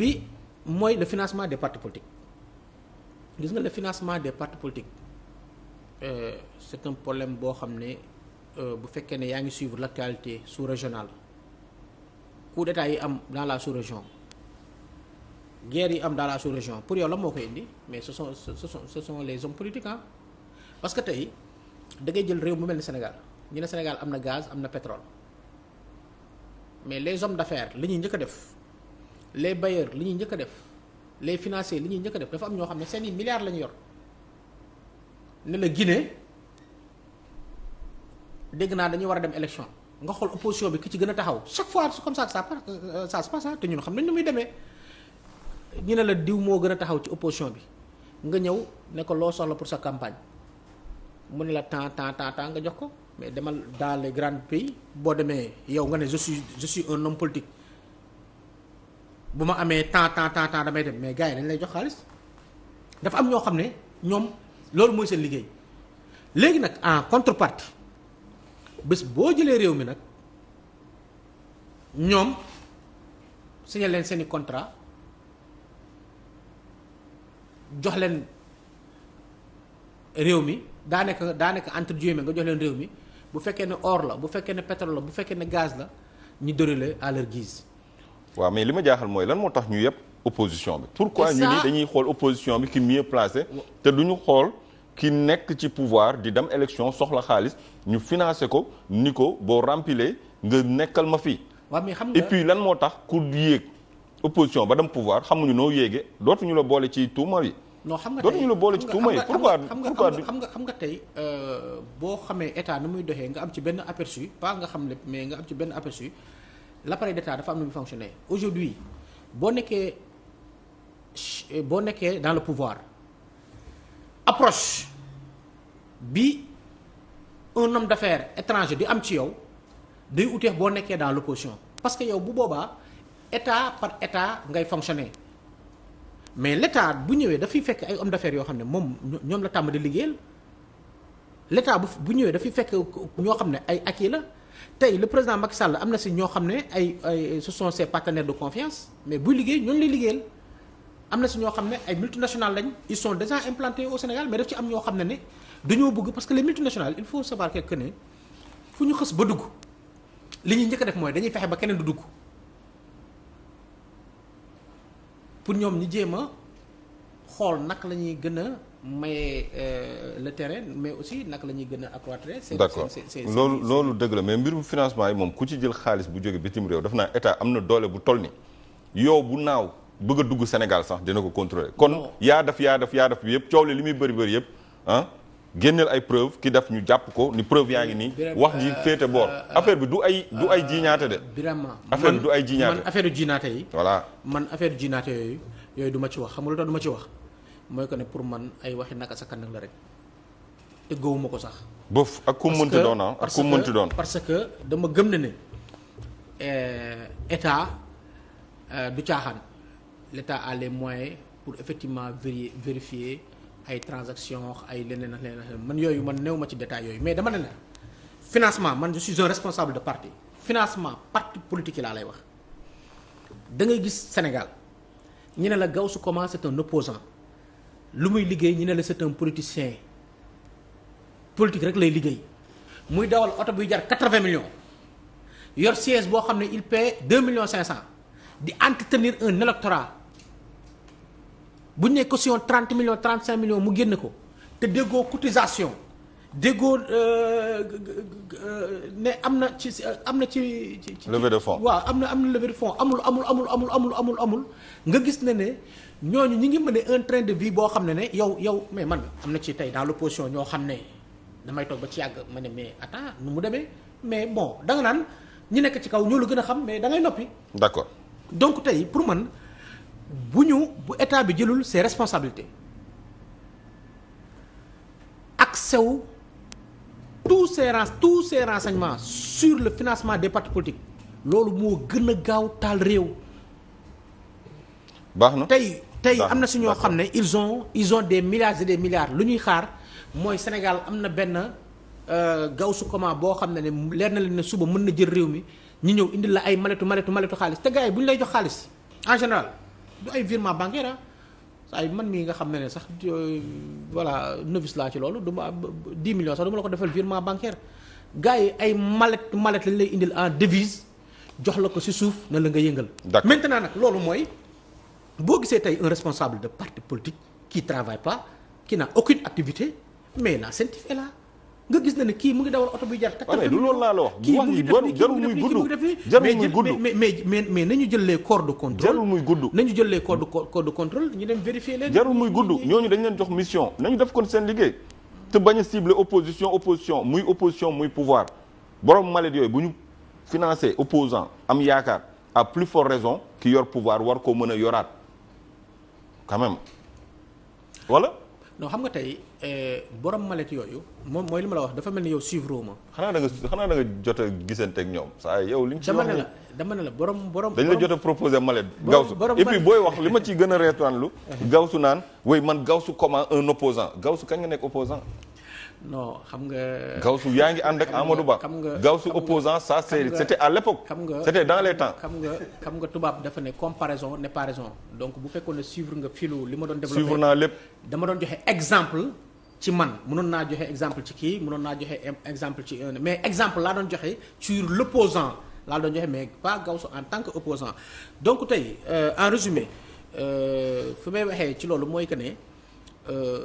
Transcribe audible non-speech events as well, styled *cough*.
bi mooy le financement des partis politiques gis nga le financement des partis politiques euh, c'est un problème boo xam ne euh, bu fekkee ne yaa ngi suivre l'actualité sous-régionale coup d'état yi am dans la sous-région guerre yi am dans la sous-région pour yow la moo ko indi mais ce sont ce sont ce sont les hommes politiques ah parce que tey da ngay jël réew mu mel ni Sénégal ñu ne Sénégal am na gaz am na pétrole mais les hommes d'affaires li ñuy njëkk a def. les bailleurs li ñuy njëkk a def les financiers li ñuy njëkk a def dafa am ñoo xam ne seen i milliards la ñu yor ne la Guinée dégg naa dañuy war a dem élection nga xool opposition bi ki ci gën a taxaw chaque fois comme ça ça euh, ça se passe ah, te ñun xam nañ nu muy demee ñu ne la diw moo gën a taxaw ci opposition bi nga ñëw ne ko loo soxla pour sa campagne mu ne la temps temps temps temps nga jox ko mais demal dans les grands pays boo demee yow nga ne je suis je suis un homme politique. bu ma amee temps temps temps temps damay dem mais gars yi dañ lay jox xaalis dafa am ñoo xam ne ñoom loolu mooy seen liggéey léegi nag en contrepartie bés boo jëlee réew mi nag ñoom signé leen seeni contrat jox leen réew mi daanaka daanaka entre guillemets nga jox leen réew mi bu fekkee ne or la bu fekkee ne pétrole la bu fekkee ne gaz la ñu déroulé à leur guise waaw mais li ma jaaxal mooy lan moo tax ñu yëpp opposition bi pourquoi ñu ni dañuy xool opposition bi ki mieux placé te du ñu xool ki nekk ci pouvoir di dem élection soxla xaalis ñu financé ko ni ko boo rempile nga nekkal ma fii waaw mais xam nga et puis lan moo tax ku yéeg opposition ba dem pouvoir xamuñu noo yéegee dootuñu la boole ci tuuma yi non xam nga dootuñu la boole ci tuuma yi pourquoi pourquoi xam nga xam nga tey euh, boo xamee état nu muy doxee nga am ci benn aperçu pas nga xam ne mais nga am ci benn aperçu l'appareil d'État dafa am nu muy fonctionner aujourd'hui boo nekkee euh, boo nekkee dans le pouvoir approche bi un homme d'affaires étranger di am ci yow day uteex boo nekkee dans l'opposition parce que yow bu boobaa état par état ngay fonctionner mais l'état bu ñëwee dafay fekk ay homme d'affaires yoo xam ne moom ñoom la tàmm di liggéeyal l'état bu bu ñëwee dafay fekk ñoo xam ne ay acquis la tey le président Macky Sall am na si ñoo xam ne ay ay ce sont ses partenaires de confiance mais buy liggéey ñooñ lay liggéeyal am na si ñoo xam ne ay multinationales lañ il sont déjà implantés au Sénégal mais daf ci am ñoo xam ne ne dañoo bëgg parce que les multinationales il faut savoir que ne fu ñu xës ba dugg li ñuy njëkk def mooy dañuy fexe ba keneen du dugg pour ñoom ñu jéem a xool naka la ñuy gën a. maye euh, le tere mais aussi naka la ñuy gën a accroître. d'accord loolu loolu dëgg la mais mbirum financement yi moom ku ci jël xaalis bu jóge bitim réew daf naa état am na doole bu toll ni yow bu naaw bëgg dugg Sénégal sax dina ko contrôler kon yaa def yaa def yaa def bi yëpp coow li muy bëri bëri yëpp ah génneel ay preuve ki def ñu jàpp ko ni preuve yaa ngi nii wax ji euh, féete boor euh, affaire bi du ay du ay jiñaate de vraiment affaire bi du ay jiñaate affaire jiñaate yi voilà man affaire jiñaate du ma ci wax xam nga lu ma ci wax mooy que ne pour man ay waxi naka sa kan la rek te gëwuma ko sax. boof ak ku mënti doon ah ak ku mënti doon parce que dama gëm ne ne eh, état euh, du caaxaan l'état a les moyens pour effectivement vérifier vérifier ay transactions ay leneen ak leneen man yooyu man new ma ci détail yooyu mais dama ne la financement man je suis un responsable de partie financement parti politique yi laa lay wax da gis Sénégal ñu ne la Gaoussou Koma c'est un opposant lu muy liggéey ñu ne la c'est un politicien politique rek lay liggéey muy dawal oto buy jar quatre-vingts millions yor siège boo xam ne il paie deux millions cinq cent di entretenir un électorat bu nekk ne caution trente millions trente cinq millions mu génn ko te déggoo cotisation déggoo euh, euh, ne am na ci am na ci. levée de fonds waaw am na am na lever de fonds amul amul amul amul amul amul amul nga gis ne ne. ñooñu ñi ngi mën a un train de vie boo xam ne ne yow yow mais man am na ci tey dans l'opposition ñoo xam ne damay toog ba ci yàgg ma ne mais attends nu mu demee mais bon danga naan ñi nekk ci kaw ñoo la gën a xam mais da ngay noppi. d'accord donc tey pour man bu ñu bu état bi jëlul see responsabilités ak sew tous ces ren tous ces renseignements sur le financement des partis loolu moo gën a gaaw taal réew. baax na tey tey am na si ñoo xam ne ils ont ils des milliards et des milliards lu ñuy xaar mooy Sénégal am na benn euh, gaaw su comment boo xam ne ne leer na leen ne suba mën na jël réew mi ñu ñëw indi la ay maletu maletu maletu xaalis te gars yi bu ñu lay jox xaalis en général du ay virement bancaire ah. ay man mii nga xam ne ne sax euh, voilà novice laa ci loolu du ma 10 millions sax du ma la ko defal virement bancaire gars yi ay malet malet lañ lay indil en devise jox la ko si suuf na la nga yëngal. maintenant nag loolu mooy. boo gisee tey un responsable de parti politique qui travaille pas qui n'a aucune activité mais l'incentive est là nga gis na ni kii mu ngi dawal oto buy jar. waaw du loolu laa la wax. kii mu ngi def kii mu ngi def jarul muy gudd na ñu mais nañu jël les corps de contrôle. jarul muy gudd nañu jël corps de corps de ñu dem vérifier leen. jarul muy gudd ñooñu dañ leen jox mission nañu def kon seen liggéey te ba a cibler opposition opposition muy opposition muy pouvoir borom malet yooyu bu ñu financer opposant am yaakaar à plus forte raison yor pouvoir war koo mën a yoraat. quand même wala. xam nga tey eh, borom malet yooyu moom mooy li ma la wax dafa mel ni yow suivre ma. xanaa da nga xanaa da jot a gisante ak ñoom saa yow. li ñu ci wax dama ne la dama ne la borom borom. dañ la jot a proposé malet. gawsu et puis booy wax li ma ciy gën a reetaan lu. *laughs* gawsu naan woy man su comment un opposant su kañ nga nekk opposant non xam nga. Gawsu yaa ngi ànd ak Amadou Ba. xam nga Gawsu opposant ça c'est c'était à l'époque. xam nga c'était dans les temps. xam nga xam nga tubaab dafa ne comparaison n'est pas donc bu fekkoon ne suivre nga filu li ma doon. développé suivre naa lépp. dama doon joxe exemple ci man mënoon naa joxe exemple ci kii mënoon naa joxe exemple ci mais exemple laa doon joxe sur l'opposant laa doon joxe mais pas Gawsu en tant que opposant donc tey euh, en résumé euh, fu may waxee ci loolu mooy que ne. Euh,